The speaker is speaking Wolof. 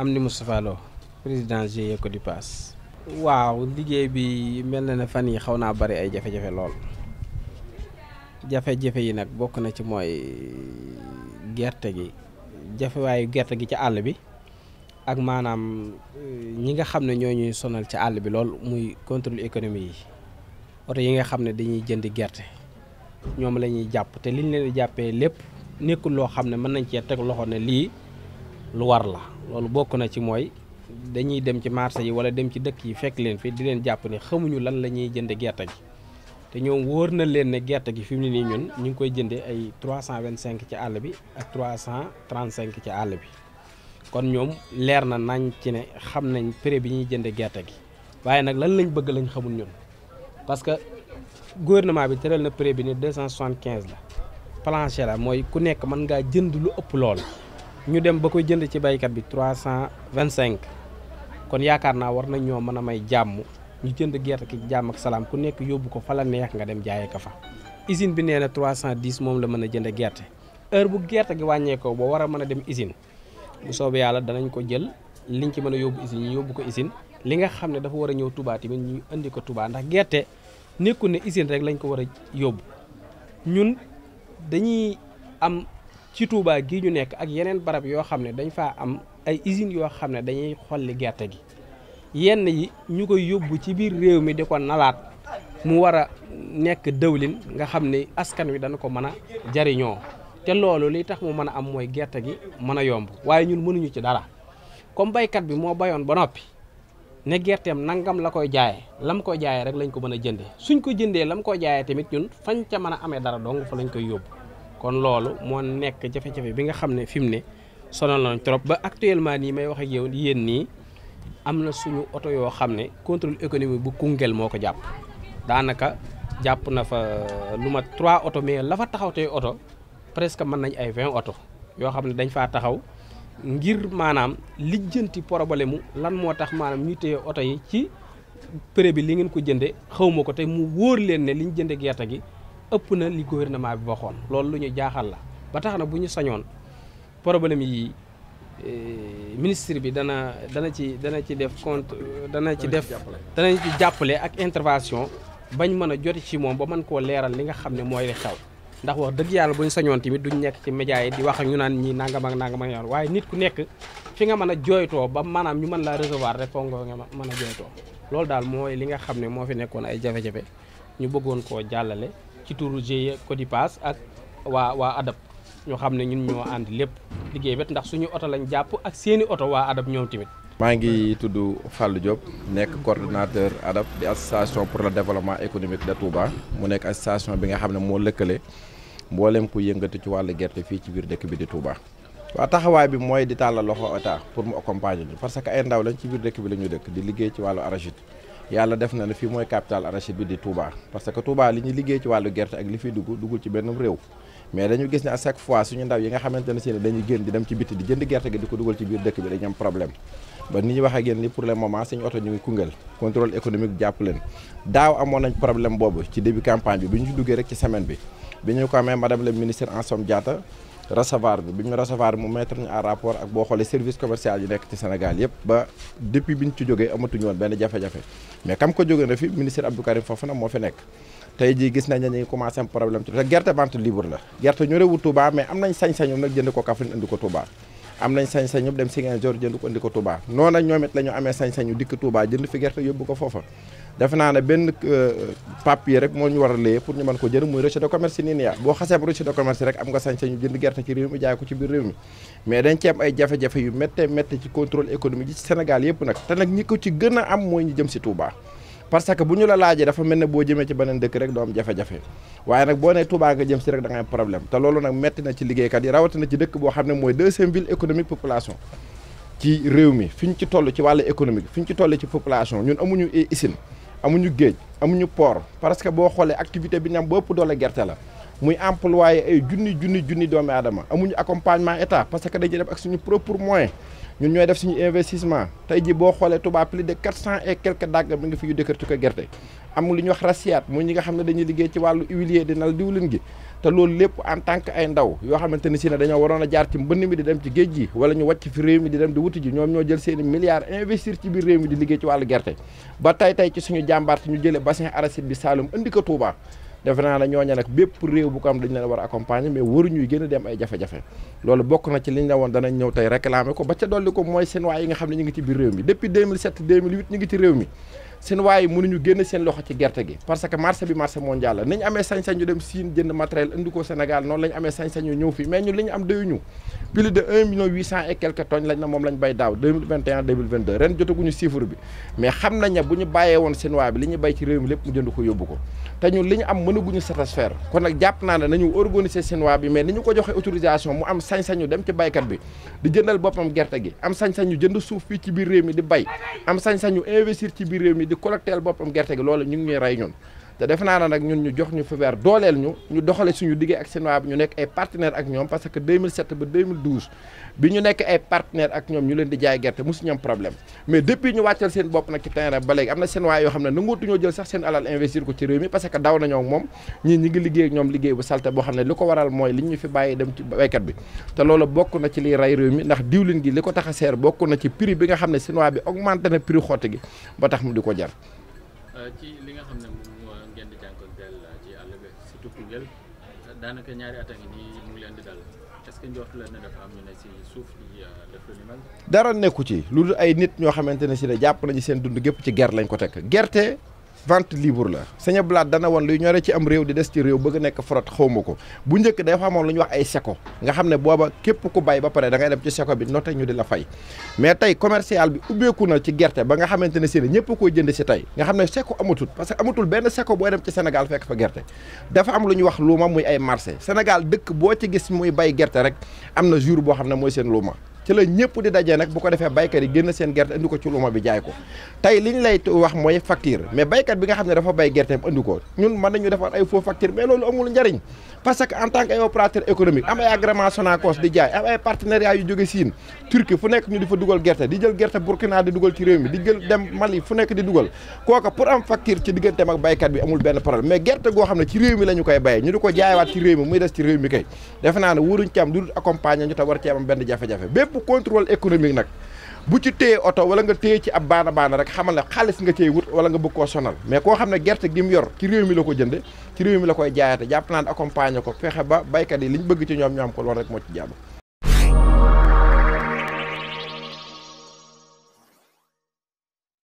am ni Moustapha Lo président GIE Codipass waaw liggéey bi mel na ne fan yi xaw naa bari ay jafe-jafe lool jafe-jafe yi nag bokk na ci mooy gerte gi jafewaayu gerte gi ci àll bi ak maanaam eh, ñi nga xam ne ñoo ñuy sonal ci àll bi lool muy contrôle économie yi oto yi nga xam ne dañuy jëndi gerte ñoom la ñuy jàpp te liñ leen di jàppee lépp nekkul loo xam ne mën nañ cee teg loxo ne lii lu war la loolu bokk na ci mooy dañuy dem ci marché yi wala dem ci dëkk yi fekk leen fi di leen jàpp ni xamuñu lan la ñuy jënde gerte gi te ñoom wóor na leen ne gerte gi fi mu ne nii ñun ñu ngi koy jëndee ay 325 ci àll bi ak 335 ci àll bi kon ñoom leer na nañ ci ne xam nañ prix bi ñuy jënde gerte gi waaye nag lan lañ bëgg lañ xamul ñun parce que gouvernement bi tëral na prix bi ne 275 la plancher la mooy ku nekk mën ngaa jënd lu ëpp lool ñu dem ba ko jënd ci baykat bi trois cent vingt cinq kon yaakaar naa war nañ ñoo mën a may jàmm ñu jënd gerte gi jàmm ak salaam ku nekk yóbbu ko fa la neex nga dem jaayee ko fa usine bi nee na trois cent dix moom la mën a jënd gerte heure bu gerte gi wàññeekoo ba war a mën a dem usine bu soobee yàlla danañ ko jël li liñ ci mën a yóbbu usine ñu yóbbu ko usine li nga xam ne dafa war a ñëw Touba tamit ñu indi ko Touba ndax gerte nekkul ne usine rek lañ ko war a yóbbu ñun dañuy am ci Touba gii ñu nekk ak yeneen barab yoo xam ne dañ faa am ay usines yoo xam ne dañuy xolli gerte gi yenn yi ñu koy yóbbu ci biir réew mi di ko nalaat mu war a nekk dëwlin nga xam ne askan wi dana ko mën a jariñoo te loolu li tax mu mën a am mooy gerte gi mën a yomb waaye ñun mënuñu ci dara comme baykat bi moo bayoon ba noppi ne gerteem nangam la koy jaayee lam koy jaayee rek lañ ko mën a jëndee suñ ko jëndee lam koy jaayee tamit ñun fañ ca mën a amee dara dong fa lañ koy yóbbu kon loolu moo nekk jafe-jafe bi nga xam ne fi mu ne sonal nañ trop ba actuellement nii may waxee ak yow yéen nii am na suñu oto yoo xam ne contrôle économique bu Koungheul moo ko jàpp daanaka jàpp na fa lu ma trois oto mais lafa taxaw tey oto presque mën nañ ay vingt oto yoo xam ne dañ faa taxaw ngir maanaam lijjanti problème mu lan moo tax maanaam ñu téye oto yi ci prix bi li ngeen ko jënde xawuma ko te mu wóor leen ne liñ jënde gerte gi ëpp na li gouvernement bi waxoon loolu lu ñu jaaxal la ba tax na bu ñu sañoon problème yi eh, ministre bi dana dana ci dana ci def compte dana ci def dana ci jàppale ak intervention ba ñu mën a joti ci moom ba man koo leeral li xam ne mooy xew ndax dëgg yàlla bu sañoon tamit duñ nekk ci média yi di wax ak ñu naan ñi nangam ak nangam ak yoon waaye nit ku nekk fi nga mën a jooytoo ba maanaam ñu mën laa recevoir rek foog nga a jooytoo loolu daal mooy li nga xam ne moo fi nekkoon ay jafe-jafe ñu bëggoon koo jàllale ci tour turu GIE Codipass ak waa waa adab ñoo xam ne ñun ñoo ànd lépp liggéey bet ndax suñu oto lañ jàpp ak seeni oto waa adab ñoom tamit. maa ngi tudd Fallou Diop nekk coordonnateur adab di association pour le développement économique de Touba mu nekk association bi nga xam ne moo lëkkale mboolem ku yëngatu ci wàllu gerte fii ci biir dëkk bi di Touba. waa taxawaay bi mooy di tàllal loxo état pour mu accompagner ñu parce que ay ndaw lañ ci biir dëkk bi la ñu dëkk di liggéey ci wàllu arachide. yàlla def na ne fi mooy capital arachide bi di Touba parce que Touba li ñu liggéey ci wàllu gerte ak li fiy dugg duggul ci benn réew mais dañu gis ne à chaque fois suñu ndaw yi nga xamante ne si ne dañuy génn di dem ci bitti di jënd gerte gi di ko dugal ci biir dëkk bi dañu problème ba ni ñu wax ak yéen ni pour le moment oto ñu ngi Koungheul contrôle économique jàpp leen daaw amoon nañ problème boobu ci début campagne bi bi ñu duggee rek ci semaine bi bi ñu ko amee recevoir bi bi ñu recevoir mu mettre ñu en rapport ak boo xoolee service commercial yi nekk ci Sénégal yëpp ba depuis bi ñu ci jógee amatuñu woon benn jafe-jafe mais kam ko jóge fi ministre Abdou Karim Fofana moo fi nekk tey jii gis nañ ne ñu ngi commencé am problème te gerte vente libre la gerte ñorewu Touba mais am nañ sañ-sañu nag jënd ko Kaffrine indi ko Touba am nañ sañ-sañu dem Ziguinchor jënd ko indi ko Touba noonu nag ñoom it la ñu amee sañ-sañu dikk Touba jënd fi gerte yóbbu ko foofa defe naa ne benn euh, papier rek moo ñu war a lee pour ñu mën ko jënd muy reçu de commerce yi nii nii ah. boo xasee ba reçu de commerce rek am nga sañ sañu jënd gerte ci réew mi jaay ko ci biir réew mi ay jafe yu métte métte ci contrôle économique yi ci yëpp nag te nag gën a am mooy jëm si parce que bu ñu la laajee dafa mel ne boo jëmee ci beneen dëkk rek doo am jafe-jafe waaye nag boo nee Touba nga jëm si rek da ngay am problème te loolu nag métti na ci liggéeykat yi rawatina ci dëkk boo xam ne mooy deuxième ville économique population ci réew mi fi ñu ci toll ci wàllu économique fi ñu ci toll ci population ñun amuñu ay amuñu géej amuñu port parce que boo xoolee activité bi ñu am ba ëpp doole gerte la muy employé ay junni junni junni doomi aadama amuñu accompagnement état parce que dañuy def ak suñu propre moyen ñun ñooy def suñu investissement tey ji boo xoolee Touba plus de quatre cent et quelques dàgg mi ngi fi ñu dëkkati ko gerte amul lu ñuy wax rasiyaat muy ñi nga xam ne dañu liggéey ci wàllu huilier di nal diwlin gi te loolu lépp en tant que ay ndaw yoo xamante ni si ne dañoo waroon a jaar ci mbënn mi di dem ci géej gi wala ñu wàcc fi réew mi di dem di wuti ji ñoom ñoo jël seeni milliards investir ci biir réew mi di liggéey ci wàllu gerte ba tey tey ci suñu jàmbaar ñu jëlee bassin arachide bi Saloum defe naa ne ñooña nag bépp réew bu ko am dañ leen war a accompagner mais waruñuy gën a dem ay jafe-jafe loolu bokk na ci liñ la woon danañ ñëw tey réclamer ko ba ca dolli ko mooy seen waay yi nga xam ne ñu ngi ci réew mi depuis 2007 2008 ñu ngi ci réew mi seen waaye mënuñu génn seen loxo ci gerte gi parce que marché bi marché mondial la ni ñu amee sañ-sañ ñu dem Chine jënd matériel indi Sénégal noonu la amee sañ-sañ ñu ñëw fii mais et quelques tonnes lañ na moom lañ bay daaw 2021 2022 ren jotaguñu chiffre bi mais xam nañ ne bu ñu bàyyee woon seen bi li ñu bay ci réew mi lépp mu jënd ko yóbbu ko te ñun li ñu am mënaguñu satisfaire kon nag jàpp naa ne nañu organiser seen waay bi mais ni ñu ko joxe autorisation mu am sañ-sañu dem ci baykat bi di jëndal boppam gerte gi am sañ-sañu jënd suuf fii ci biir réew mi di bay am sañ-sañu investir ci biir réew mi di collecteel boppam gerte gi loolu ñu ngi ñuy rey ñun te def naa na nag ñun ñu jox ñu fi weer dooleel ñu ñu doxale suñu liggéey ak Sinoa bi ñu nekk ay partenaire ak ñoom parce que 2007 ba 2012 ñu nekk ay partenaire ak ñoom ñu leen di jaay gerte mosuñu am problème mais depuis ñu wàccal seen bopp nag ci terrain ba léegi am na Sinoa yoo xam ne nangootuñoo jël sax seen alal investir ko ci réew mi parce que daw nañoo moom ñii ñi ngi liggéey ak ñoom liggéey bu salte boo xam ne li ko waral mooy li ñu fi bàyyi dem ci béykat bi te loolu bokk na ci liy rey réew mi ndax diwlin ko tax ci prix nga xam ne Sinoa lan ngeen di euh, ci àll bi daanaka ñaari at a ngi mu ngi leen di dal est que njortu leen ne dafa am ñu ne si suuf di euh, dara nekku ci lu dul ay nit ñoo xamante ne si ne jàpp nañu seen dund gépp ci ger lañ ko teg gerte. vente libre la Sëñ Blaat dana woon luy ñore ci am réew di des ci réew bëgg nekk frott xawma ko bu njëkk dafa amoon lu ñuy wax ay seko nga xam ne booba képp ku bay ba pare dangay ngay dem ci seko bi noté ñu di la fay mais tey commercial bi ubbeeku na ci gerte ba nga xamante ne si ne ñëpp koy jënd si tey nga xam ne seko amatul parce que amatul benn seko booy dem ci Sénégal fekk fa gerte dafa am lu ñuy wax luuma muy ay marché Sénégal dëkk boo ci gis muy bay gerte rek am na jour boo xam ne mooy seen luuma ci la ñëpp di daje nag bu ko defee baykat yi génn seen gerte indi ko ci luuma bi jaay ko tey li ñu lay wax mooy facture mais baykat bi nga xam ne dafa bay gerte indi ko ñun mën nañu defar ay faux facture mais loolu amul njariñ parce que en tant que ay opérateur économique am ay agrément Sonacos di jaay am ay partenariat yu jóge Siin Turquie fu nekk ñu di fa dugal gerte di jël gerte Burkina di dugal ci réew mi di jël dem Mali fu nekk di dugal kooka pour am ci digganteem ak baykat bi amul benn problème mais gerte goo xam ne ci réew mi la ñu koy ko jaayawaat ci réew mi muy des ci réew mi kay defe naa ne wóoruñ ci am du bu contrôle économique nag bu ci téye oto wala nga téye ci ab baana baana rek xamal ne xaalis nga cey wut wala nga bëgg koo sonal mais koo xam ne gerte gi mu yor ci réew mi la ko jënde ci réew mi la koy jaayate jàpp naa ne ko fexe ba baykat yi liñ bëgg ci ñoom ñu ko loolu rek moo ci jàmm